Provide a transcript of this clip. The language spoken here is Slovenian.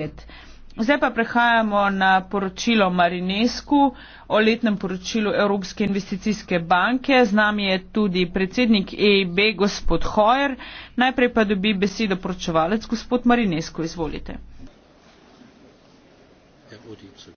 let. Zdaj pa prehajamo na poročilo Marinesku o letnem poročilu Evropske investicijske banke. Z nami je tudi predsednik EIB, gospod Hojer. Najprej pa dobi besedo poročevalec, gospod Marinesku. Izvolite. Ja,